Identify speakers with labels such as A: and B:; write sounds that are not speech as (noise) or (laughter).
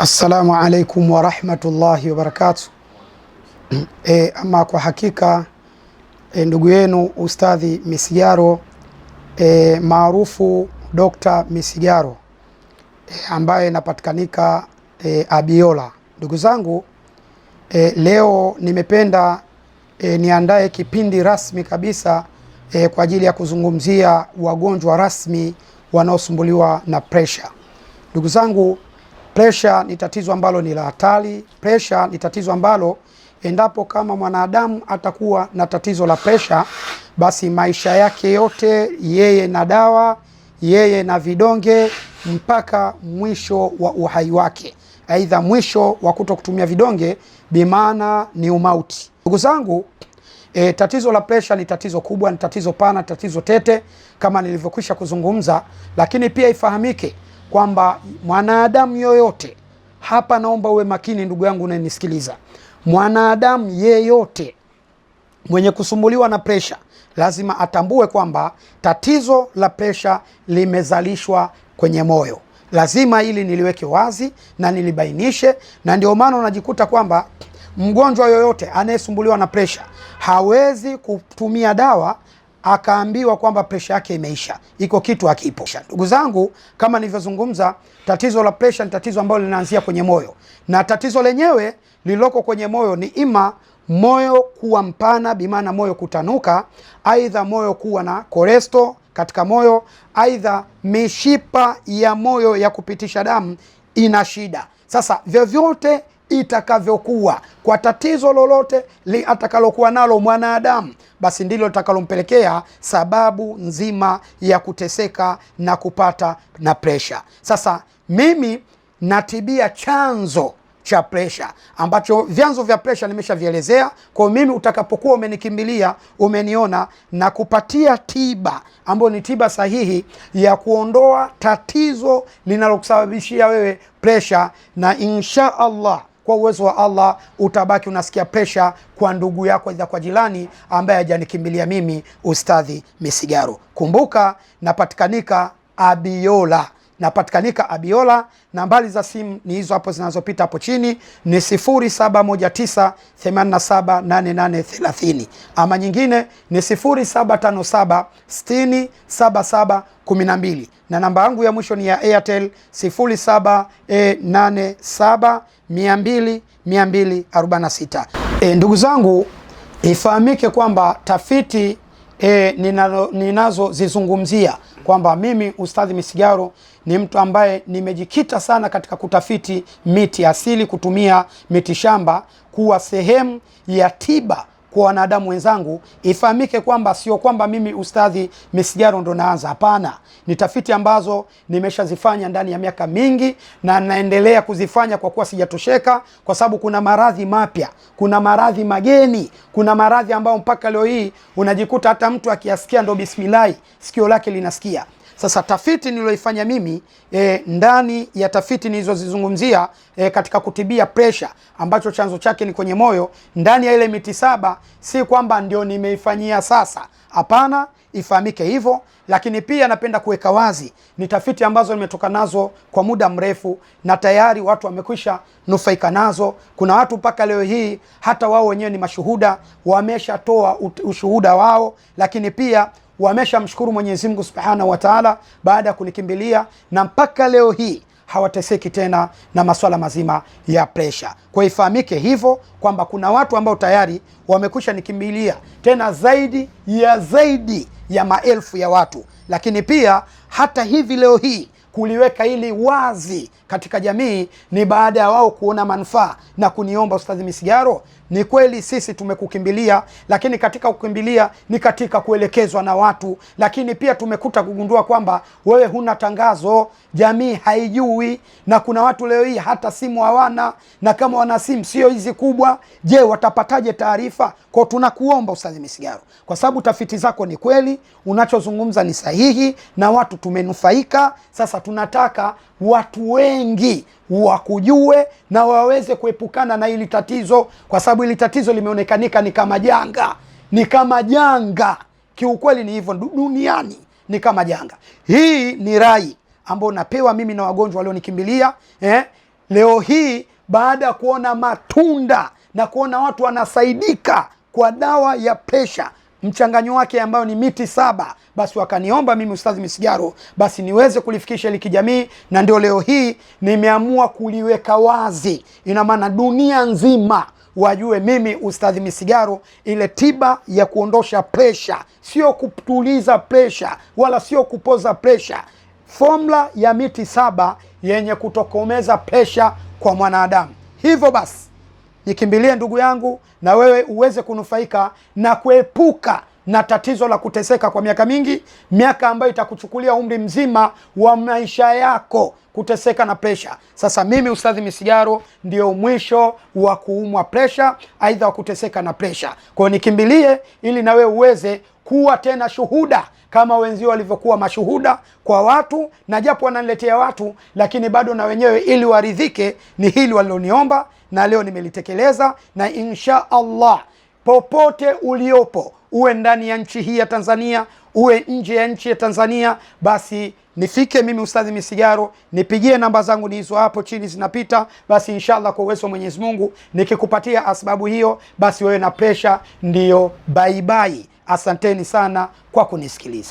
A: Assalamu alaikum warahmatullahi wabarakatuh. (clears throat) E, ama kwa hakika e, ndugu yenu Ustadhi Misigaro e, maarufu Dr. Misigaro e, ambaye napatikanika e, Abiola. Ndugu zangu e, leo nimependa e, niandae kipindi rasmi kabisa e, kwa ajili ya kuzungumzia wagonjwa rasmi wanaosumbuliwa na pressure. Ndugu zangu Presha ni tatizo ambalo ni la hatari. Presha ni tatizo ambalo endapo kama mwanadamu atakuwa na tatizo la presha, basi maisha yake yote, yeye na dawa, yeye na vidonge, mpaka mwisho wa uhai wake, aidha mwisho wa kuto kutumia vidonge, bimaana ni umauti. Ndugu zangu, e, tatizo la presha ni tatizo kubwa, ni tatizo pana, tatizo tete kama nilivyokwisha kuzungumza, lakini pia ifahamike kwamba mwanadamu yoyote hapa, naomba uwe makini ndugu yangu unayenisikiliza mwanadamu yeyote mwenye kusumbuliwa na presha lazima atambue kwamba tatizo la presha limezalishwa kwenye moyo. Lazima ili niliweke wazi na nilibainishe, na ndio maana unajikuta kwamba mgonjwa yoyote anayesumbuliwa na presha hawezi kutumia dawa akaambiwa kwamba presha yake imeisha, iko kitu akipo. Ndugu zangu, kama nilivyozungumza, tatizo la presha ni tatizo ambalo linaanzia kwenye moyo, na tatizo lenyewe lililoko kwenye moyo ni ima moyo kuwa mpana, bimaana moyo kutanuka, aidha moyo kuwa na koresto katika moyo, aidha mishipa ya moyo ya kupitisha damu ina shida. Sasa vyovyote itakavyokuwa kwa tatizo lolote li atakalokuwa nalo mwanadamu, basi ndilo litakalompelekea sababu nzima ya kuteseka na kupata na presha. Sasa mimi natibia chanzo cha presha ambacho vyanzo vya presha nimeshavielezea. Kwa mimi utakapokuwa umenikimbilia, umeniona na kupatia tiba ambayo ni tiba sahihi ya kuondoa tatizo linalokusababishia wewe presha, na insha Allah kwa uwezo wa Allah utabaki unasikia pesha kwa ndugu yako, a kwa jirani ambaye hajanikimbilia mimi, Ustadhi Misigaro. Kumbuka napatikanika Abiola napatikanika Abiola. Nambari za simu ni hizo hapo zinazopita hapo chini, ni 0719878830 ama nyingine ni 0757607712 na namba yangu ya mwisho ni ya Airtel 0787200246. E, ndugu zangu ifahamike kwamba tafiti e, ninazozizungumzia kwamba mimi Ustadhi Misigaro ni mtu ambaye nimejikita sana katika kutafiti miti asili, kutumia miti shamba kuwa sehemu ya tiba kwa wanadamu wenzangu, ifahamike kwamba sio kwamba mimi Ustadhi Misigaro ndo naanza. Hapana, ni tafiti ambazo nimeshazifanya ndani ya miaka mingi na naendelea kuzifanya kwa kuwa sijatosheka, kwa sababu kuna maradhi mapya, kuna maradhi mageni, kuna maradhi ambayo mpaka leo hii unajikuta hata mtu akiasikia ndo bismilahi sikio lake linasikia. Sasa tafiti niliyoifanya mimi e, ndani ya tafiti nilizozizungumzia e, katika kutibia presha ambacho chanzo chake ni kwenye moyo, ndani ya ile miti saba, si kwamba ndio nimeifanyia sasa, hapana, ifahamike hivyo. Lakini pia napenda kuweka wazi ni tafiti ambazo nimetoka nazo kwa muda mrefu na tayari watu wamekwisha nufaika nazo. Kuna watu mpaka leo hii hata wao wenyewe ni mashuhuda, wameshatoa ushuhuda wao, lakini pia wameshamshukuru Mwenyezi Mungu Subhanahu wa Ta'ala baada ya kunikimbilia, na mpaka leo hii hawateseki tena na maswala mazima ya presha. Kwa ifahamike hivyo kwamba kuna watu ambao tayari wamekusha nikimbilia tena zaidi ya zaidi ya maelfu ya watu, lakini pia hata hivi leo hii kuliweka hili wazi katika jamii ni baada ya wao kuona manufaa na kuniomba, Ustadhi Misigaro, ni kweli sisi tumekukimbilia, lakini katika kukimbilia ni katika kuelekezwa na watu, lakini pia tumekuta kugundua kwamba wewe huna tangazo, jamii haijui, na kuna watu leo hii hata simu hawana, na kama wana simu sio hizi kubwa. Je, watapataje taarifa? Kwa tunakuomba Ustadhi Misigaro, kwa sababu tafiti zako ni kweli, unachozungumza ni sahihi na watu tumenufaika sasa tunataka watu wengi wakujue na waweze kuepukana na hili tatizo, kwa sababu hili tatizo limeonekanika ni kama janga, ni kama janga. Kiukweli ni hivyo, duniani ni kama janga. Hii ni rai ambayo napewa mimi na wagonjwa walionikimbilia eh, leo hii baada ya kuona matunda na kuona watu wanasaidika kwa dawa ya pesha mchanganyo wake ambayo ni miti saba, basi wakaniomba mimi Ustadhi Misigaro basi niweze kulifikisha hili kijamii, na ndio leo hii nimeamua kuliweka wazi. Ina maana dunia nzima wajue mimi Ustadhi Misigaro, ile tiba ya kuondosha presha, sio kutuliza presha wala sio kupoza presha, fomla ya miti saba yenye kutokomeza presha kwa mwanadamu. Hivyo basi nikimbilie ndugu yangu, na wewe uweze kunufaika na kuepuka na tatizo la kuteseka kwa miaka mingi, miaka ambayo itakuchukulia umri mzima wa maisha yako kuteseka na presha. Sasa mimi Ustadhi Misigaro ndio mwisho wa kuumwa presha, aidha wa kuteseka na presha. Kwa hiyo nikimbilie, ili na wewe uweze kuwa tena shuhuda kama wenzio walivyokuwa mashuhuda kwa watu, na japo wananiletea watu, lakini bado na wenyewe ili waridhike, ni hili waliloniomba na leo nimelitekeleza, na insha Allah popote uliopo uwe ndani ya nchi hii ya Tanzania, uwe nje ya nchi ya Tanzania, basi nifike mimi Ustadhi Misigaro, nipigie namba zangu hizo hapo chini zinapita. Basi inshallah kwa uwezo wa Mwenyezi Mungu nikikupatia asbabu hiyo, basi wewe na presha ndiyo baibai. Asanteni sana kwa kunisikiliza.